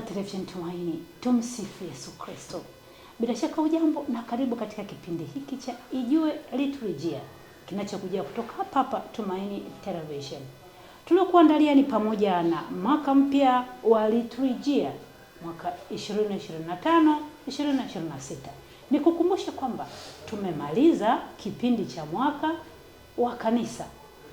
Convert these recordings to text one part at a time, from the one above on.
wa Television Tumaini, tumsifu Yesu Kristo. Bila shaka ujambo na karibu katika kipindi hiki cha Ijue Liturujia kinachokuja kutoka hapa hapa Tumaini Television. Tuliokuandalia ni pamoja na mwaka mpya wa liturujia mwaka 2025 2026. Nikukumbushe kwamba tumemaliza kipindi cha mwaka wa kanisa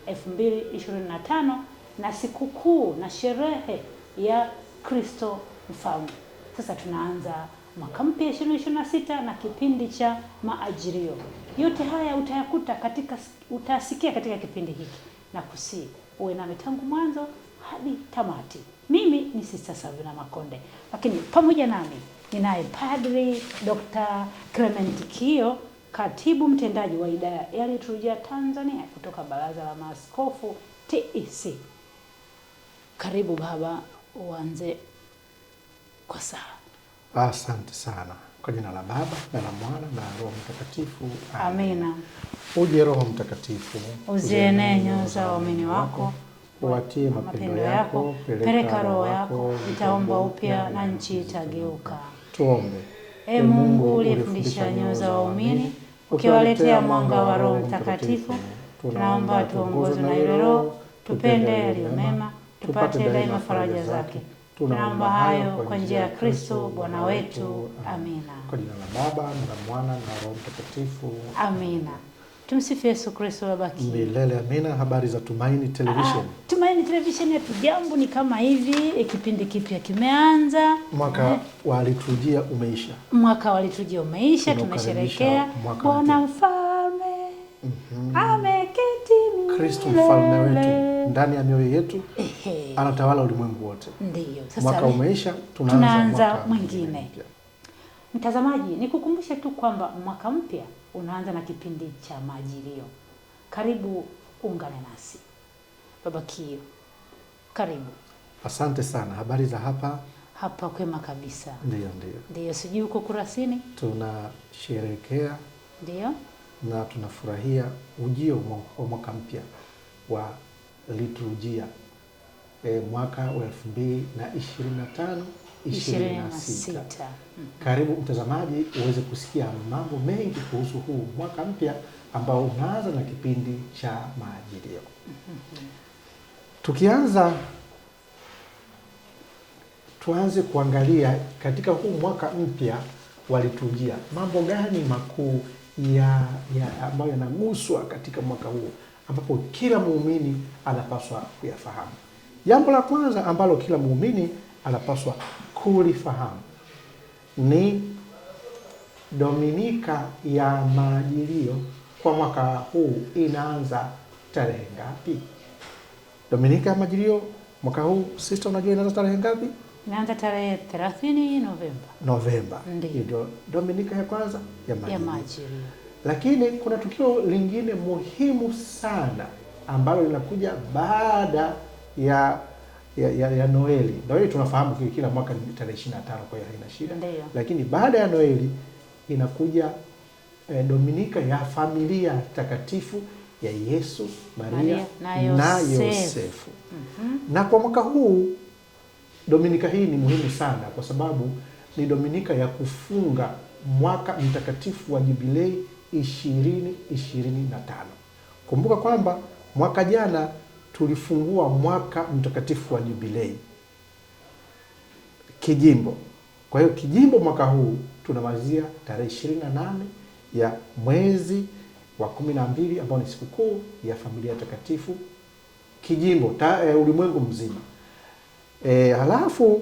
2025 na sikukuu na sherehe ya Kristo mfalme. Sasa tunaanza mwaka mpya sita na kipindi cha maajirio. Yote haya utayakuta katika, utasikia katika kipindi hiki na kusi uwe nami tangu mwanzo hadi tamati. Mimi ni Sister Savina Makonde, lakini pamoja nami ninaye Padri Dr. Clement Kio, katibu mtendaji wa idara ya liturujia Tanzania kutoka Baraza la Maaskofu TEC. Karibu baba, uanze kwa sawa. Asante sana. Kwa jina la Baba na la Mwana na Roho Mtakatifu, amina. Uje Roho Mtakatifu, uzienee nyoyo za waamini wako, uwatie mapendo yako, peleka roho yako, itaomba upya na nchi itageuka. Tuombe. E Mungu, e ulifundisha nyoyo za waumini ukiwaletea mwanga wa Roho Mtakatifu, tunaomba tuongozwe na ile Roho, tupende yaliyo mema, tupate daima faraja zake tunaomba hayo kwa njia ya Kristo Bwana wetu. Amina. Kwa jina la Baba na la Mwana na Roho Mtakatifu. Amina. Tumsifu Yesu Kristo wabaki Milele amina. Habari za Tumaini Television. Ah, Tumaini Television yetu jambo ni kama hivi, e, kipindi kipya kimeanza. Mwaka eh, walitujia umeisha. Mwaka walitujia umeisha, tunasherehekea Bwana mfalme. Mm -hmm. Ameketi. Kristo mfalme wetu ndani ya mioyo yetu, anatawala ulimwengu wote. ndio sasa mwaka umeisha, tunaanza, tunaanza mwaka mwingine. Mtazamaji, nikukumbushe tu kwamba mwaka mpya unaanza na kipindi cha Majilio. Karibu ungane nasi. Baba Kio, karibu. Asante sana. Habari za hapa? Hapa kwema kabisa. Ndio, ndio, ndio. Sijui huko Kurasini tunasherehekea ndio na tunafurahia ujio wa mwaka mpya wa liturujia e, mwaka wa elfu mbili na ishirini na tano ishirini na sita. Hmm. Karibu mtazamaji uweze kusikia mambo mengi kuhusu huu mwaka mpya ambao unaanza na kipindi cha Majilio. Hmm. Tukianza tuanze kuangalia katika huu mwaka mpya wa liturujia mambo gani makuu ya, ya ambayo yanaguswa katika mwaka huu ambapo kila muumini anapaswa kuyafahamu. Jambo la kwanza ambalo kila muumini anapaswa kulifahamu ni Dominika ya Majilio kwa mwaka huu inaanza tarehe ngapi? Dominika ya Majilio mwaka huu sista unajua inaanza tarehe ngapi? Inaanza tarehe 30 Novemba. Novemba. Ndio Dominika ya kwanza ya Majilio. Ya Majilio. Lakini kuna tukio lingine muhimu sana ambalo linakuja baada ya ya, ya, ya Noeli. Noeli tunafahamu kila mwaka ni tarehe 25, kwa hiyo haina shida. Lakini baada ya Noeli inakuja eh, Dominika ya familia takatifu ya Yesu, Maria, Maria na Yosefu. Mm -hmm. Na kwa mwaka huu Dominika hii ni muhimu sana kwa sababu ni Dominika ya kufunga mwaka mtakatifu wa Jubilei 2025. Kumbuka kwamba mwaka jana tulifungua mwaka mtakatifu wa jubilei kijimbo. Kwa hiyo kijimbo mwaka huu tunamalizia tarehe 28 ya mwezi wa 12 ambao ni sikukuu ya familia takatifu kijimbo ta, e, ulimwengu mzima e, halafu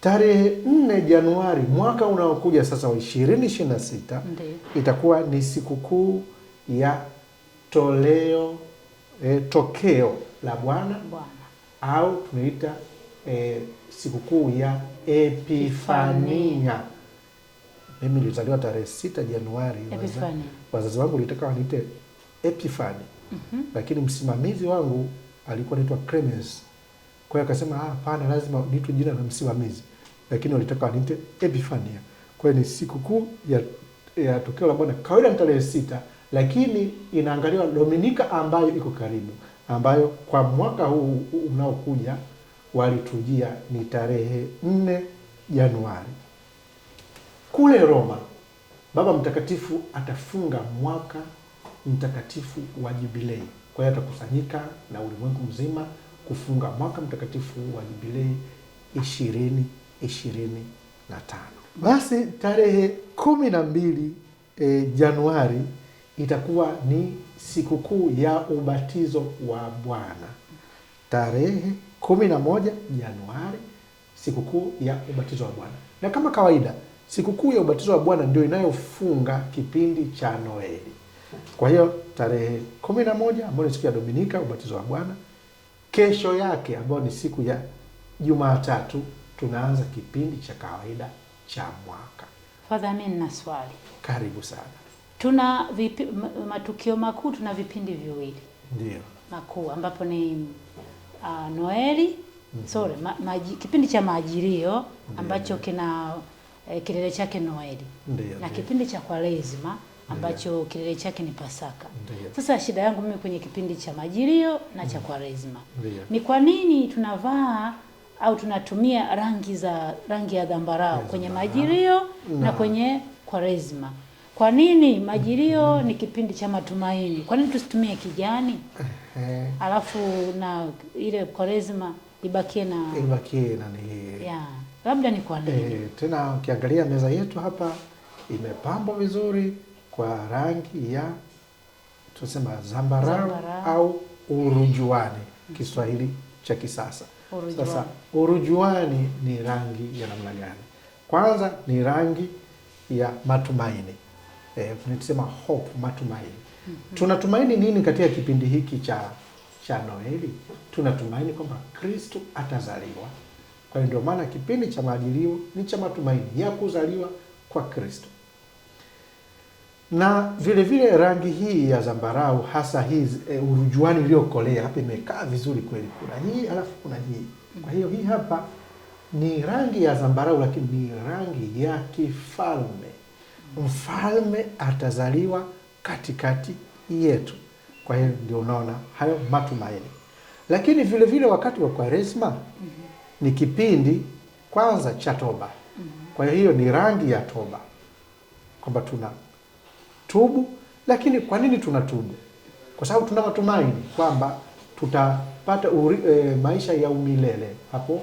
Tarehe nne Januari mwaka unaokuja sasa wa ishirini na sita itakuwa ni sikukuu ya toleo eh, tokeo la Bwana au tunaita eh, sikukuu ya Epifania. Mimi nilizaliwa tarehe sita Januari, wazazi wangu litaka waniite Epifani mm -hmm. Lakini msimamizi wangu alikuwa anaitwa Clemens, kwa hiyo akasema ah, hapana, lazima nitu jina la msimamizi lakini walitaka wanite Epifania. Kwa hiyo ni siku kuu ya, ya tukio la Bwana, kawaida ni tarehe sita, lakini inaangaliwa Dominika ambayo iko karibu, ambayo kwa mwaka huu unaokuja walitujia ni tarehe nne Januari. Kule Roma Baba Mtakatifu atafunga mwaka mtakatifu wa jubilei. Kwa hiyo atakusanyika na ulimwengu mzima kufunga mwaka mtakatifu wa jubilei ishirini ishirini na tano. Basi tarehe kumi na mbili e, Januari itakuwa ni sikukuu ya ubatizo wa Bwana. Tarehe kumi na moja Januari sikukuu ya ubatizo wa Bwana, na kama kawaida sikukuu ya ubatizo wa Bwana ndio inayofunga kipindi cha Noeli. Kwa hiyo tarehe kumi na moja ambayo ni siku ya Dominika, ubatizo wa Bwana, kesho yake ambayo ni siku ya Jumatatu tunaanza kipindi cha kawaida cha mwaka. Fadha, mimi nina swali. Karibu sana. Tuna vipi, matukio makuu tuna vipindi viwili ndio makuu ambapo ni uh, Noeli mm -hmm. sorry ma, maji, kipindi cha Majilio ambacho kina eh, kilele chake Noeli ndiyo, na kipindi cha Kwaresima ambacho kilele chake ni Pasaka. Sasa shida yangu mimi kwenye kipindi cha Majilio na cha mhm. Kwaresima ni kwa nini tunavaa au tunatumia rangi za rangi ya dhambarau kwenye majilio na, na kwenye Kwaresma. Kwa nini majilio mm-hmm. ni kipindi cha matumaini? Kwa nini tusitumie kijani? Alafu na ile Kwaresma ibakie na ibakie na ni ya Labda ni kwa nini? E, tena ukiangalia meza yetu hapa imepambwa vizuri kwa rangi ya tunasema zambarau au urujuani, Kiswahili cha kisasa. Urujuani. Sasa urujuani ni rangi ya namna gani? Kwanza ni rangi ya matumaini eh, tunasema hope, matumaini mm -hmm. Tunatumaini nini katika kipindi hiki cha cha Noeli? Tunatumaini kwamba Kristo atazaliwa. Kwa hiyo ndio maana kipindi cha Majilio ni cha matumaini ya kuzaliwa kwa Kristo na vile vile rangi hii ya zambarau hasa hii e, urujuani iliyokolea hapa imekaa vizuri kweli. Kuna hii alafu kuna hii. Kwa hiyo hii hapa ni rangi ya zambarau, lakini ni rangi ya kifalme. Mfalme atazaliwa katikati yetu. Kwa hiyo ndio unaona hayo matumaini, lakini vile vile wakati wa Kwaresma mhm. ni kipindi kwanza cha toba. Mhm. Kwa hiyo ni rangi ya toba kwamba tuna tubu. Lakini kwa nini tunatubu? Kwa sababu tuna matumaini kwamba tutapata uri, e, maisha ya umilele hapo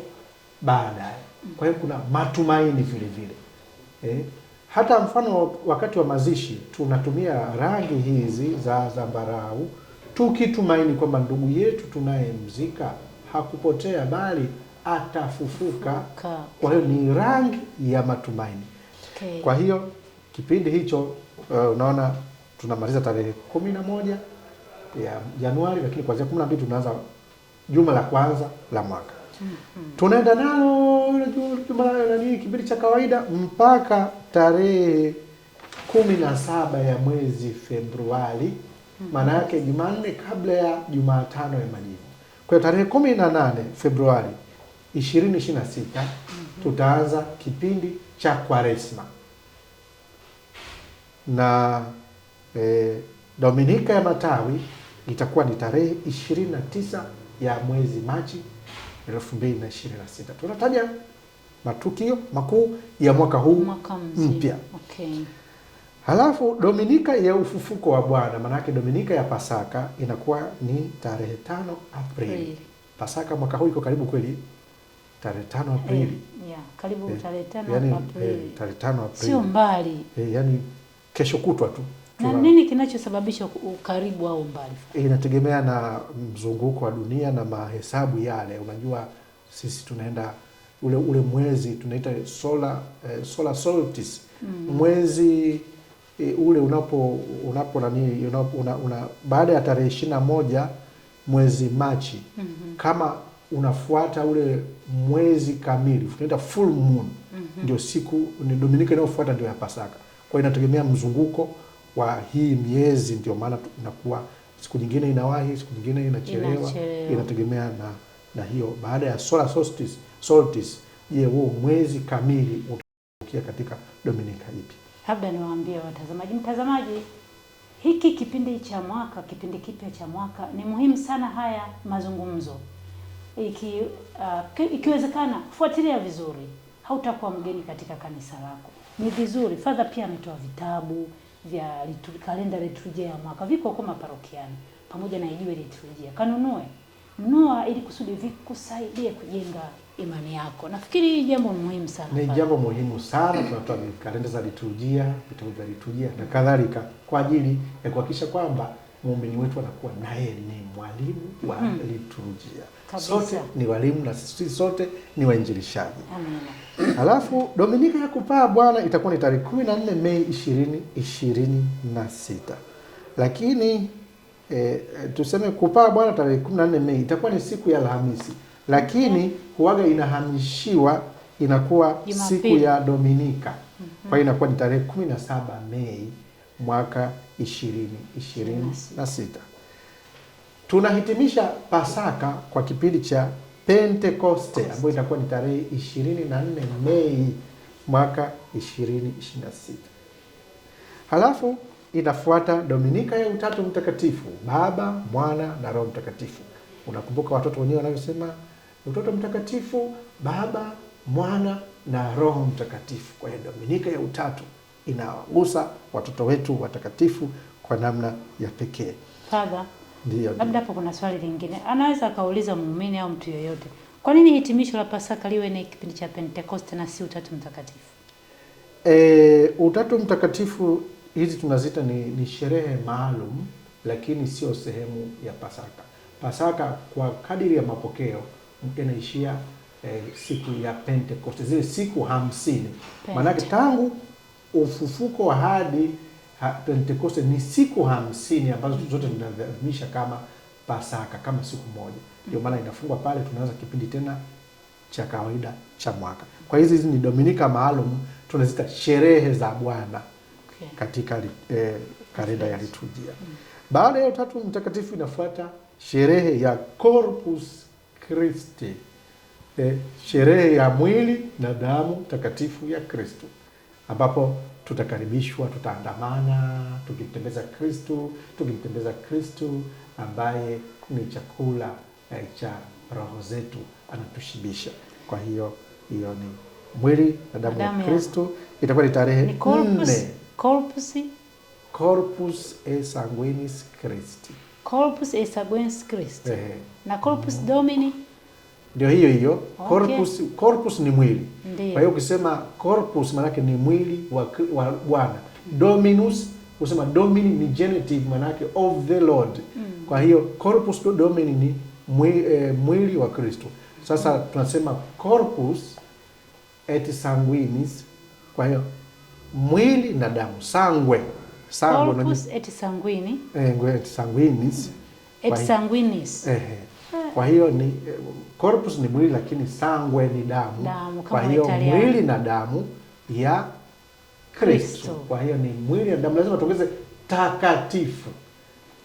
baadaye. Kwa hiyo kuna matumaini vile vile e, hata mfano wakati wa mazishi tunatumia rangi hizi za zambarau tukitumaini kwamba ndugu yetu tunayemzika hakupotea bali atafufuka. Kwa hiyo ni rangi ya matumaini. Okay. Kwa hiyo kipindi hicho uh, unaona tunamaliza tarehe kumi na moja ya Januari, lakini kuanzia kumi na mbili tunaanza juma la kwanza la mwaka mm -hmm. tunaenda nalo juma nani kipindi cha kawaida mpaka tarehe kumi na saba ya mwezi Februari mm-hmm. maana mm -hmm. yake Jumanne kabla ya Jumatano ya majivu. Kwa hiyo tarehe kumi na nane Februari ishirini ishirini na sita mm-hmm. tutaanza kipindi cha Kwaresma na e, Dominika ya Matawi itakuwa ni tarehe 29 ya mwezi Machi 2026. Tunataja matukio makuu ya mwaka huu mpya. Okay. Halafu Dominika ya ufufuko wa Bwana, maanake Dominika ya Pasaka inakuwa ni tarehe tano Aprili. Pasaka mwaka huu iko karibu kweli tarehe tano Aprili. Eh, yeah, karibu eh, tarehe tano Aprili. Yaani, tarehe tano Aprili. Sio mbali. Eh, yani kesho kutwa tu. Na nini kinachosababisha ukaribu au umbali? Eh, inategemea na mzunguko wa dunia na mahesabu yale. Unajua sisi tunaenda ule ule mwezi tunaita solar, eh, solar solstice mm. mwezi eh, ule unapo unapo nani unapo, una, una, baada ya tarehe ishirini na moja mwezi Machi mm -hmm. kama unafuata ule mwezi kamili tunaita full moon mm -hmm. ndio siku ni Dominika inayofuata ndio ya Pasaka. Kwa inategemea mzunguko wa hii miezi, ndio maana inakuwa siku nyingine inawahi, siku nyingine inachelewa, inategemea na na hiyo. Baada ya solar solstice, solstice, je, huo mwezi kamili utakia katika Dominika ipi? Labda niwaambie watazamaji, mtazamaji, hiki kipindi cha mwaka, kipindi kipya cha mwaka ni muhimu sana. Haya mazungumzo iki, uh, ikiwezekana fuatilia vizuri, hautakuwa mgeni katika kanisa lako ni vizuri. Fadha pia ametoa vitabu vya kalenda liturujia ya mwaka, viko huko maparokiani pamoja na ijue liturujia, kanunue nunua, ili kusudi vikusaidie kujenga imani yako. Nafikiri hii jambo muhimu sana, ni jambo muhimu sana. Tunatoa kalenda za liturujia, vitabu vya liturujia na kadhalika, kwa ajili ya kuhakikisha kwamba muumini wetu anakuwa naye ni mwalimu wa hmm. liturujia. Sote ni walimu na sisi sote ni wainjilishaji. Amina alafu Dominika ya kupaa bwana itakuwa ni tarehe nne Mei sita Lakini e, tuseme kupaa bwana tarehe nne Mei itakuwa ni siku ya Alhamisi. Lakini huaga inahamishiwa inakuwa Jumapili, siku ya Dominika. Mm -hmm. Kwa hiyo inakuwa ni tarehe 17 Mei mwaka sita Tunahitimisha Pasaka kwa kipindi cha Pentekoste ambayo itakuwa ni tarehe 24 Mei mwaka 2026. Halafu inafuata Dominika ya Utatu Mtakatifu, Baba, Mwana na Roho Mtakatifu. Unakumbuka watoto wenyewe wanavyosema Utatu Mtakatifu, Baba, Mwana na Roho Mtakatifu. Kwa hiyo Dominika ya Utatu inawagusa watoto wetu watakatifu kwa namna ya pekee. Ndiyo. Labda hapo kuna swali lingine. Anaweza akauliza muumini au mtu yoyote. Kwa nini hitimisho la Pasaka liwe ni kipindi cha Pentekoste na si Utatu Mtakatifu? E, Utatu Mtakatifu hizi tunazita ni, ni sherehe maalum lakini sio sehemu ya Pasaka. Pasaka kwa kadiri ya mapokeo inaishia e, siku ya Pentekoste, zile siku hamsini. Pente. Maanake tangu ufufuko hadi Pentekoste ni siku hamsini ambazo zote tunaadhimisha kama Pasaka, kama siku moja. Ndio maana inafungwa pale, tunaanza kipindi tena cha kawaida cha mwaka. Kwa hizi hizi ni dominika maalum tunazita sherehe za Bwana katika eh, kalenda ya liturujia Baada ya Utatu Mtakatifu inafuata sherehe ya Corpus Christi eh, sherehe ya mwili na damu takatifu ya Kristo ambapo tutakaribishwa, tutaandamana tukimtembeza Kristu, tukimtembeza Kristu ambaye ni chakula eh, cha roho zetu, anatushibisha. Kwa hiyo hiyo ni mwili na damu ya Kristu. Itakuwa ni tarehe nne Corpus, Corpus, e sanguinis Christi, Corpus e sanguinis Christi eh. na Corpus Domini ndio hiyo hiyo corpus. Okay. Corpus ni mwili. Ndiyo. Kwa hiyo ukisema corpus maanake ni mwili wa wa Bwana. Dominus kusema domini ni genitive maanake of the Lord. Mm. Kwa hiyo corpus domini ni mwili, eh, mwili wa Kristo. Sasa mm. tunasema corpus et sanguinis, kwa hiyo mwili na damu, sangwe sangwe, corpus et sanguini, eh, et sanguinis, et sanguinis. Eh, kwa hiyo ni eh, Corpus ni mwili lakini sangwe ni damu, damu. Kwa hiyo mwili na damu ya Kristo. Kwa hiyo ni mwili na damu, lazima tuongeze takatifu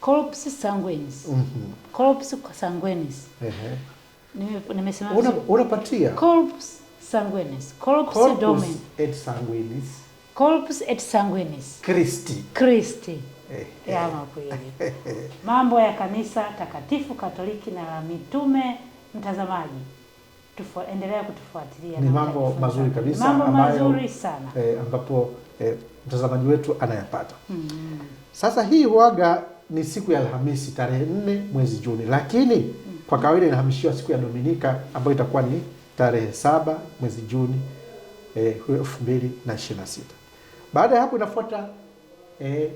Corpus sanguinis. mm Corpus sanguinis. Ehe. Nimesema una, unapatia Corpus sanguinis. Corpus, Corpus domen. et sanguinis. Corpus et sanguinis. Christi. Christi. Yaani Mambo ya kanisa takatifu Katoliki na la mitume mtazamaji tufua, endelea kutufuatilia. Ni mambo mazuri kabisa, mambo mazuri sana e, ambapo e, mtazamaji wetu anayapata mm. Sasa hii huaga ni siku ya Alhamisi tarehe nne mwezi Juni, lakini mm. kwa kawaida inahamishiwa siku ya Dominika ambayo itakuwa ni tarehe saba mwezi Juni eh, elfu mbili na ishirini na sita. Baada ya hapo inafuata e,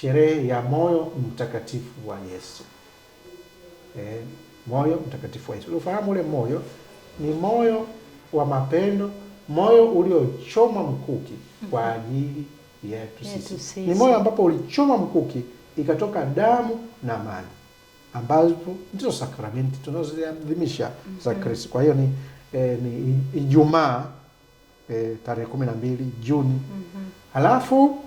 sherehe ya moyo mtakatifu wa Yesu e, moyo mtakatifu wa Yesu. Ufahamu ule moyo ni moyo wa mapendo, moyo uliochoma mkuki kwa mm-hmm. ajili yetu sisi. Ni moyo ambapo ulichoma mkuki ikatoka damu na maji ambazo ndizo sakramenti tunazoziadhimisha za mm-hmm. Kristo. Kwa hiyo ni, eh, ni Ijumaa eh, tarehe kumi na mbili Juni. mm -hmm. Halafu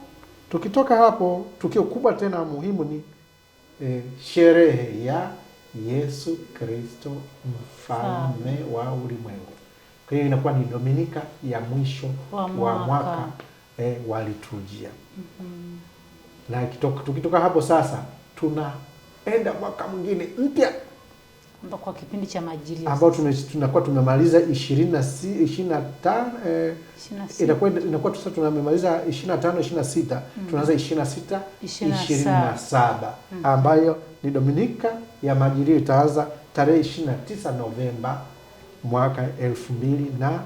tukitoka hapo, tukio kubwa tena muhimu ni eh, sherehe ya Yesu Kristo mfalme wa ulimwengu. Kwa hiyo inakuwa ni Dominika ya mwisho wa mwaka, wa eh, wa liturujia mm -hmm. Na tukitoka hapo sasa tunaenda mwaka mwingine mpya kwa kipindi cha majilio ambao tunakuwa tumemaliza ishirini na tano inakuwa inakuwa sasa tunamemaliza 25 26 tano ishirini tunaanza ishirini na saba ambayo ni Dominika ya Majilio itaanza tarehe 29 tisa Novemba mwaka elfu na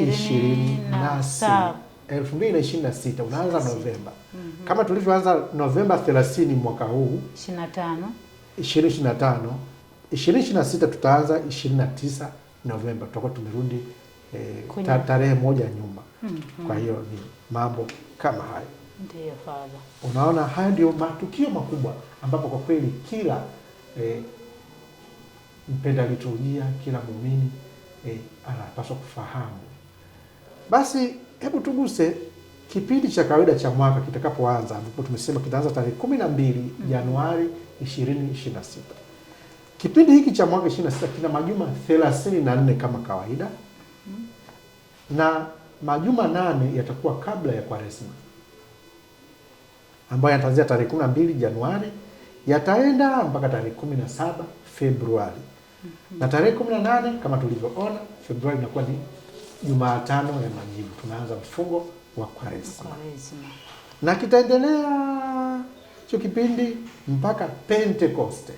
ishirini na sita elfu mbili na ishirini na sita unaanza Novemba mm -hmm. kama tulivyoanza Novemba thelathini mwaka huu ishirini na tano 2026 tutaanza 29 Novemba, tutakuwa tumerudi eh, tarehe moja nyuma mm -hmm. Kwa hiyo ni mambo kama hayo ndiyo, Father. Unaona, haya ndio matukio makubwa ambapo kwa kweli kila eh, mpenda liturujia kila muumini eh, anapaswa kufahamu. Basi hebu tuguse kipindi cha kawaida cha mwaka kitakapoanza, ambapo tumesema kitaanza tarehe kumi na mbili mm-hmm. Januari ishirini ishirini na sita. Kipindi hiki cha mwaka 26 kina majuma 34 kama kawaida hmm. na majuma nane yatakuwa kabla ya Kwaresma ambayo yataanzia tarehe 12 Januari yataenda mpaka tarehe 17 Februari hmm. na tarehe 18 kama tulivyoona, Februari inakuwa ni Jumatano ya Majivu, tunaanza mfungo wa Kwaresma na kitaendelea hicho kipindi mpaka Pentekoste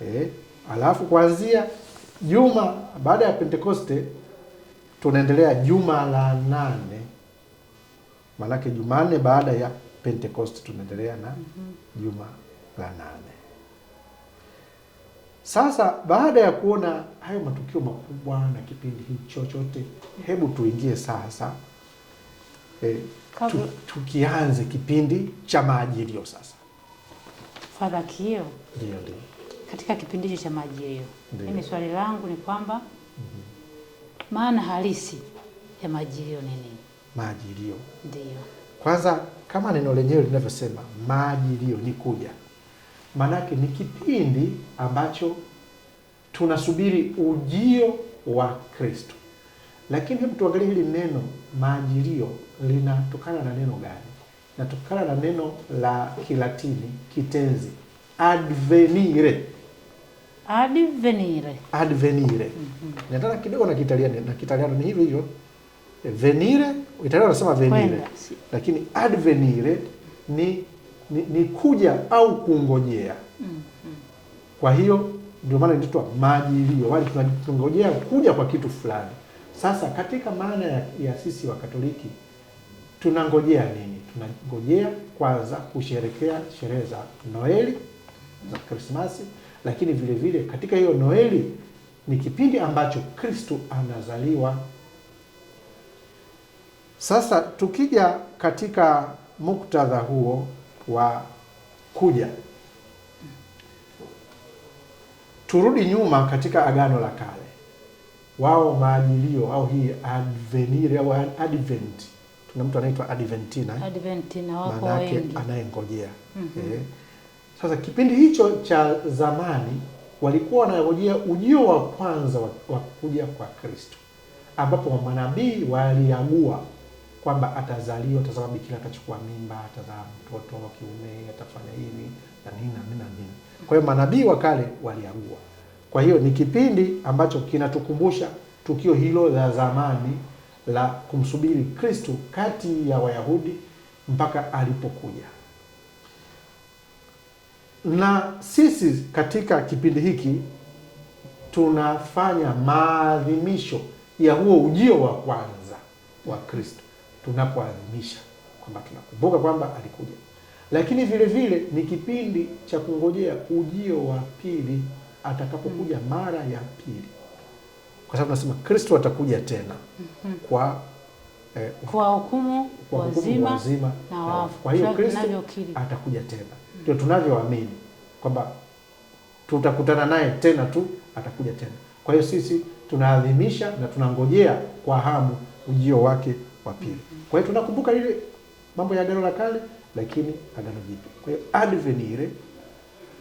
eh, alafu kuanzia juma baada ya Pentekoste tunaendelea juma la nane, maanake Jumanne baada ya Pentekoste tunaendelea na mhm. juma la nane. Sasa baada ya kuona hayo matukio makubwa na kipindi hicho chote, hebu tuingie sasa eh, tu, tukianze kipindi cha maajilio sasa, Father Kio. Ndio, ndio katika kipindi hicho cha majilio. Mimi swali langu ni kwamba mm -hmm. maana halisi ya majilio ni nini? Majilio ndio kwanza, kama neno lenyewe linavyosema, majilio ni kuja, maanake ni kipindi ambacho tunasubiri ujio wa Kristo. Lakini hebu tuangalie hili neno majilio linatokana na neno gani? natokana na neno la Kilatini kitenzi advenire Advenire. Advenire. Mm -hmm. Nataka kidogo na Kiitaliano na Kiitaliano ni hivyo hivyo. Venire, Italiano wanasema venire. Lakini advenire ni, ni ni kuja au kungojea. Mm -hmm. Kwa hiyo ndio maana inaitwa majilio, bali tunangojea kuja kwa kitu fulani. Sasa katika maana ya, ya sisi wa Katoliki tunangojea nini? Tunangojea kwanza kusherekea sherehe za Noeli za Krismasi lakini vile vile katika hiyo Noeli ni kipindi ambacho Kristo anazaliwa. Sasa tukija katika muktadha huo wa kuja, turudi nyuma katika Agano la Kale, wao maajilio au hii advenire au advent, tuna mtu anaitwa adventina, adventina wako wengi, anayengojea mm -hmm. eh. Sasa kipindi hicho cha zamani walikuwa wanangojea ujio wa kwanza wa kuja kwa Kristo, ambapo manabii waliagua kwamba atazaliwa, tazama bikira atachukua mimba, atazaa mtoto wa kiume, atafanya hivi na nini na nini na nini. Kwa hiyo manabii wa kale waliagua. Kwa hiyo ni kipindi ambacho kinatukumbusha tukio hilo la zamani la kumsubiri Kristo kati ya Wayahudi mpaka alipokuja na sisi katika kipindi hiki tunafanya maadhimisho ya huo ujio wa kwanza wa Kristo, tunapoadhimisha kwamba tunakumbuka kwamba alikuja, lakini vile vile ni kipindi cha kungojea ujio wa pili, atakapokuja mm. mara ya pili, kwa sababu nasema Kristo atakuja tena mm-hmm. kwa eh, kwa hukumu wazima na wafu. Kwa hiyo Kristo atakuja tena ndio tunavyoamini kwamba tutakutana naye tena tu, atakuja tena. Kwa hiyo sisi tunaadhimisha na tunangojea kwa hamu ujio wake wa pili. Kwa hiyo tunakumbuka ile mambo ya Agano la Kale, lakini Agano Jipya. Kwa hiyo advenire,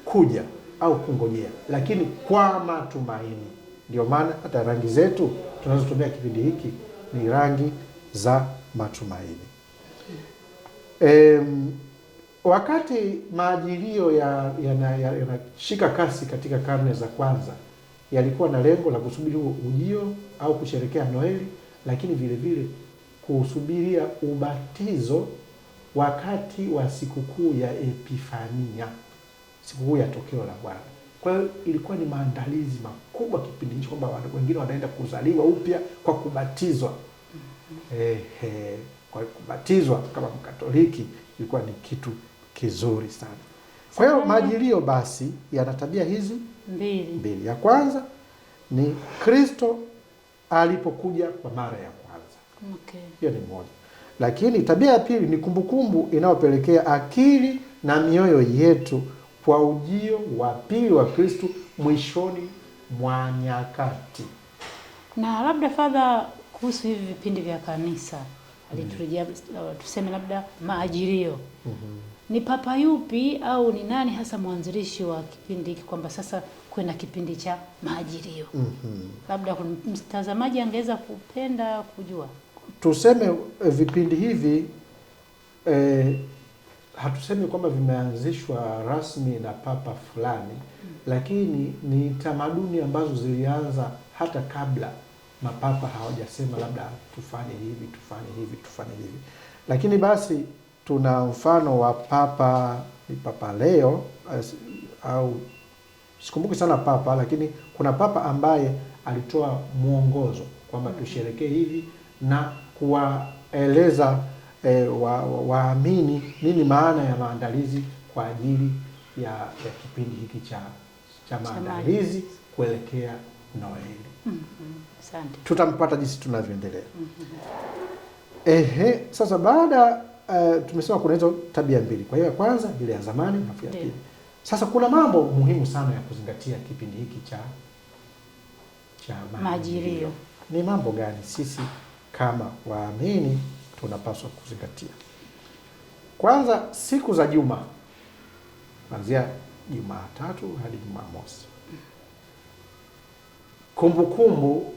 kuja au kungojea, lakini kwa matumaini. Ndio maana hata rangi zetu tunazotumia kipindi hiki ni rangi za matumaini. Um, Wakati maajilio yanashika ya, ya, ya kasi katika karne za kwanza yalikuwa na lengo la kusubiri ujio au kusherekea Noeli, lakini vile vile kusubiria ubatizo wakati wa sikukuu ya Epifania, sikukuu ya tokeo la Bwana. Kwa hiyo ilikuwa ni maandalizi makubwa kipindi hicho, kwamba wengine wanaenda kuzaliwa upya kwa kubatizwa. Mm -hmm. Eh, eh, kwa kubatizwa kama Mkatoliki ilikuwa ni kitu kizuri sana. Kwa hiyo majilio basi yana tabia hizi mbili mbili. Ya kwanza ni Kristo alipokuja kwa mara ya kwanza, hiyo ni moja, lakini tabia ya pili ni kumbukumbu inayopelekea akili na mioyo yetu kwa ujio wa pili wa Kristo mwishoni mwa nyakati. Na labda fadha kuhusu hivi vipindi vya kanisa aliturejea, mm -hmm. tuseme labda maajilio mm -hmm ni papa yupi au ni nani hasa mwanzilishi wa kipindi hiki, kwamba sasa kwenda kipindi cha maajirio mm -hmm. Labda mtazamaji angeweza kupenda kujua, tuseme eh, vipindi hivi eh, hatusemi kwamba vimeanzishwa rasmi na papa fulani mm -hmm. Lakini ni tamaduni ambazo zilianza hata kabla mapapa hawajasema labda tufanye hivi tufanye hivi tufanye hivi, lakini basi tuna mfano wa papa Papa Leo au sikumbuki sana papa, lakini kuna papa ambaye alitoa mwongozo kwamba tusherekee hivi na kuwaeleza e, waamini wa, nini maana ya maandalizi kwa ajili ya, ya kipindi hiki cha cha maandalizi kuelekea Noeli. mm -hmm. Tutampata jinsi tunavyoendelea. mm -hmm. Ehe, sasa baada uh, tumesema kuna hizo tabia mbili. Kwa hiyo ya kwanza ile ya zamani, na ya pili. Sasa kuna mambo muhimu sana ya kuzingatia kipindi hiki cha cha majilio. Ni mambo gani sisi kama waamini tunapaswa kuzingatia? Kwanza, siku za juma kuanzia Jumatatu hadi Jumamosi, kumbukumbu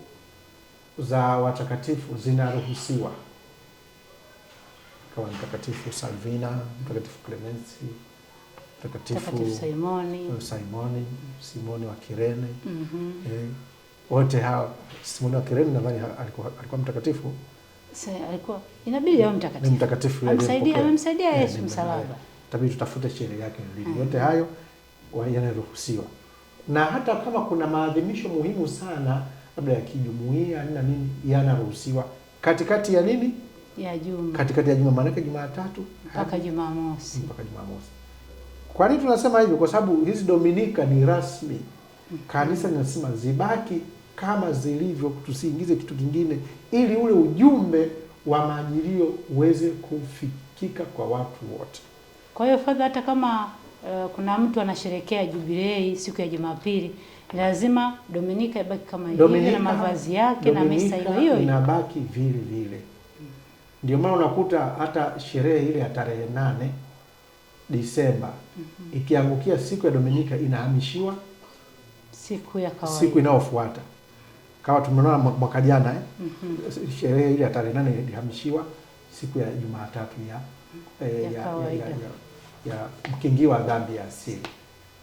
za watakatifu zinaruhusiwa kama Mtakatifu Salvina, Mtakatifu Clemensi, Mtakatifu Simoni, mm, Simoni, Simoni wa Kirene mm -hmm. eh, wote hawa. Simoni wa Kirene nadhani alikuwa, alikuwa mtakatifu alikuwa inabidi awe mtakatifu, mtakatifu amemsaidia eh, Yesu msalaba, tabidi tutafute sherehe yake mbili. Mm. Yote hayo yanaruhusiwa, na hata kama kuna maadhimisho muhimu sana labda ya kijumuiya na nini, yanaruhusiwa katikati ya nini ya juma, katikati ya juma, maanake Jumatatu mpaka eh? Jumamosi, mpaka Jumamosi. Kwa nini tunasema hivyo? Kwa sababu hizi Dominika ni rasmi, kanisa linasema zibaki kama zilivyo, tusiingize kitu kingine, ili ule ujumbe wa majilio uweze kufikika kwa watu wote. Kwa hiyo fadha, hata kama uh, kuna mtu anasherekea jubilei siku ya Jumapili, lazima Dominika ibaki kama ilivyo na mavazi yake Dominika na misa hiyo hiyo inabaki vile vile. Ndio maana unakuta hata sherehe ile ya tarehe nane Disemba mm -hmm. ikiangukia siku ya Dominika inahamishiwa siku ya kawaida, siku inayofuata kawa tumeona mwaka jana eh? mm -hmm. sherehe ile ya tarehe nane ilihamishiwa siku ya Jumatatu ya, eh, ya, ya, ya, ya, ya mkingi wa dhambi ya asili.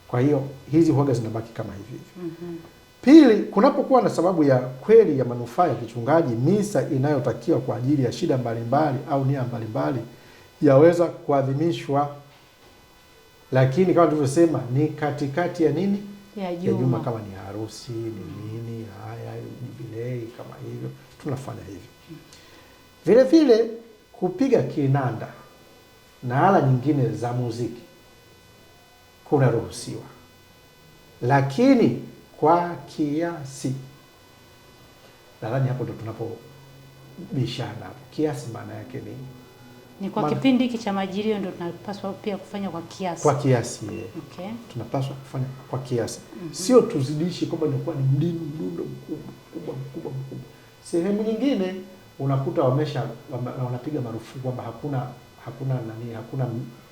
Kwa hiyo hizi huaga zinabaki kama hivi hivi. mm -hmm. Pili, kunapokuwa na sababu ya kweli ya manufaa ya kichungaji, misa inayotakiwa kwa ajili ya shida mbalimbali au nia mbalimbali yaweza kuadhimishwa, lakini kama tulivyosema ni katikati ya nini ya juma, ya juma kama ni harusi ni nini, haya jubilei, kama hivyo tunafanya hivyo. Vile vile kupiga kinanda na ala nyingine za muziki kunaruhusiwa, lakini kwa kiasi. Nadhani hapo ndo tunapobishana hapo. Kiasi maana yake ni ni kwa kipindi hiki cha majilio ndo tunapaswa pia kufanya kwa kiasi, kwa kiasi ye. Okay. Tunapaswa kufanya kwa kiasi mm -hmm. Sio tuzidishi kwamba kwa ni mdini mdundo mkubwa mkubwa mkubwa mkubwa. Sehemu nyingine unakuta wamesha wanapiga marufuku kwamba hakuna hakuna nani hakuna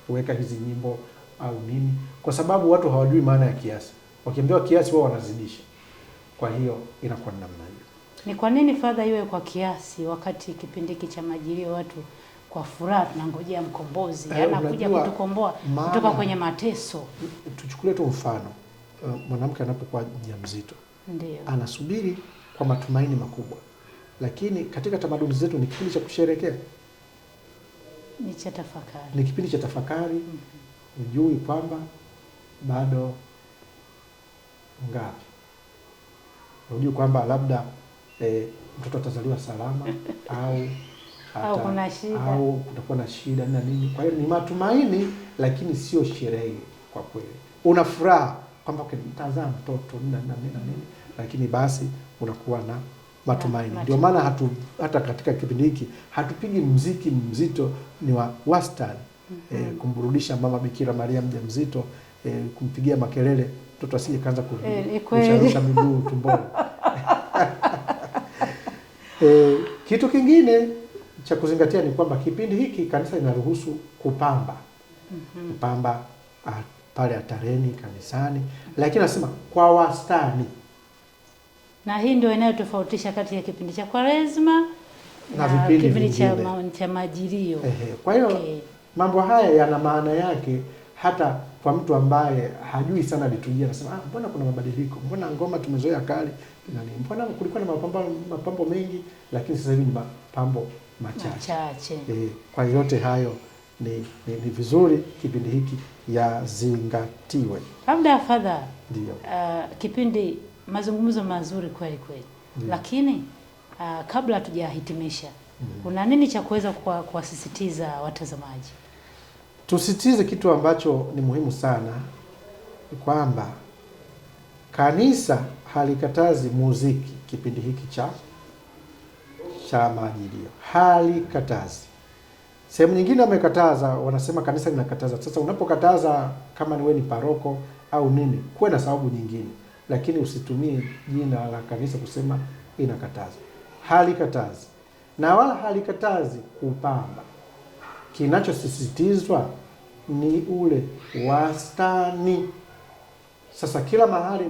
kuweka hizi nyimbo au nini, kwa sababu watu hawajui maana ya kiasi. Wakiambiwa kiasi wao wanazidisha. Kwa hiyo inakuwa ni namna hiyo. Ni kwa nini fadha iwe kwa kiasi wakati kipindi cha majilio watu kwa furaha tunangojea mkombozi eh, yaani anakuja kutukomboa kutoka kwenye mateso. Tuchukulie tu mfano eh, mwanamke anapokuwa mjamzito ndio anasubiri kwa matumaini makubwa, lakini katika tamaduni zetu ni kipindi cha kusherekea, ni cha tafakari, ni kipindi cha tafakari. mm -hmm. kwamba bado ngapi. Unajua kwamba labda e, mtoto atazaliwa salama au au kuna shida au kutakuwa na shida na nini. Kwa hiyo ni matumaini, lakini sio sherehe kwa kweli. Una furaha kwamba nitazaa mtoto na nini na nini, lakini basi unakuwa na matumaini. Ndio maana hatu hata katika kipindi hiki hatupigi mziki mzito, ni wa wastani mm -hmm. E, kumburudisha mama Bikira Maria mjamzito e, kumpigia makelele mtoto asije kaanza kurusharusha eh, miguu tumboni. E, kitu kingine cha kuzingatia ni kwamba kipindi hiki kanisa inaruhusu kupamba mm -hmm. kupamba a, ah, pale atareni kanisani mm -hmm. Lakini anasema kwa wastani, na hii ndio inayotofautisha kati ya kipindi cha Kwaresma na, na kipindi cha, ma, cha Majilio. Kwa hiyo okay. Eh. Mambo haya yana maana yake hata kwa mtu ambaye hajui sana liturujia anasema, ah, mbona kuna mabadiliko, mbona ngoma tumezoea kale na nini, mbona kulikuwa na mapambo, mapambo mengi lakini sasa hivi ni mapambo machache, machache. E, kwa yote hayo ni, ni, ni vizuri kipindi hiki yazingatiwe. Labda fadha ndio uh, kipindi mazungumzo mazuri kweli kweli, lakini uh, kabla hatujahitimisha, kuna mm. nini cha kuweza kuwasisitiza watazamaji? Tusitize kitu ambacho ni muhimu sana ni kwamba kanisa halikatazi muziki kipindi hiki cha cha majilio, halikatazi. Sehemu nyingine wamekataza, wanasema kanisa linakataza. Sasa unapokataza, kama wewe ni paroko au nini, kuwe na sababu nyingine, lakini usitumie jina la kanisa kusema inakataza. Halikatazi na wala halikatazi kupamba kinachosisitizwa ni ule wastani. Sasa kila mahali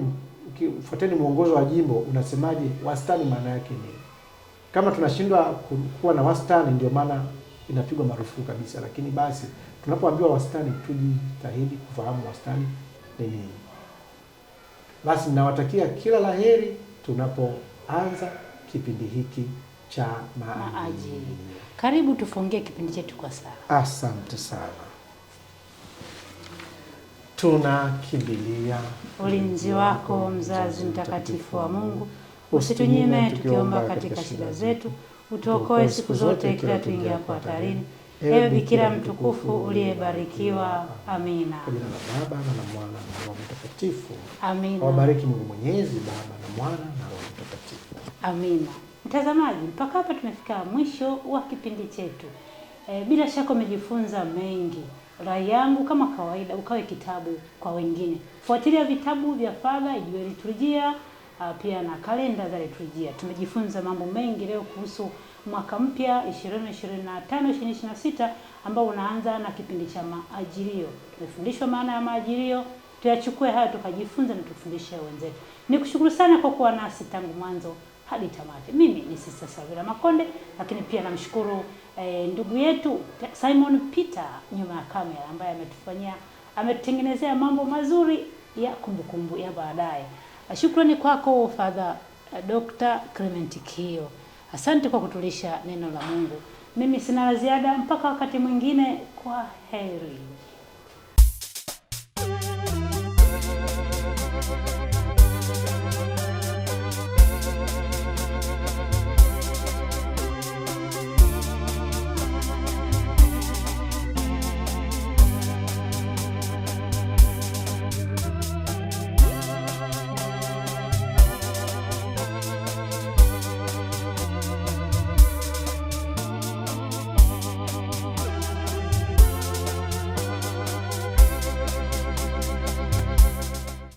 fuateni mwongozo wa jimbo unasemaje wastani, maana yake ni kama tunashindwa kuwa na wastani, ndio maana inapigwa marufuku kabisa. Lakini basi tunapoambiwa wastani, tujitahidi kufahamu wastani ni nini. Basi ninawatakia kila laheri tunapoanza kipindi hiki cha maajili. Karibu tufungie kipindi chetu kwa sala. Asante sana. Tunakimbilia ulinzi wako mzazi mtakatifu wa Mungu, usitunyime tukiomba katika shida zetu, utuokoe siku zote kila tuingia kwa hatarini. Ewe Bikira mtukufu uliyebarikiwa, amina. Kwa jina la Baba na la Mwana na Roho Mtakatifu, amina. Wabariki Mungu Mwenyezi, Baba na Mwana na Roho Mtakatifu, amina. Mtazamaji, mpaka hapa tumefika mwisho wa kipindi chetu. E, bila shaka umejifunza mengi. Rai yangu kama kawaida, ukawe kitabu kwa wengine. Fuatilia vitabu vya Father, ijue liturujia ah, pia na kalenda za liturujia. Tumejifunza mambo mengi leo kuhusu mwaka mpya 2025 2026 ambao unaanza na kipindi cha maajirio. Tumefundishwa maana ya maajirio, tuyachukue hayo tukajifunza na tufundishe wenzetu. Nikushukuru sana kwa kuwa nasi tangu mwanzo hadi tamati. Mimi ni Sister Savira Makonde, lakini pia namshukuru eh, ndugu yetu Simon Peter nyuma ya kamera ambaye ametufanyia ametutengenezea mambo mazuri ya kumbukumbu ya baadaye. Shukrani kwako Father eh, Dr. Clement Kio, asante kwa kutulisha neno la Mungu. Mimi sina la ziada mpaka wakati mwingine, kwa heri.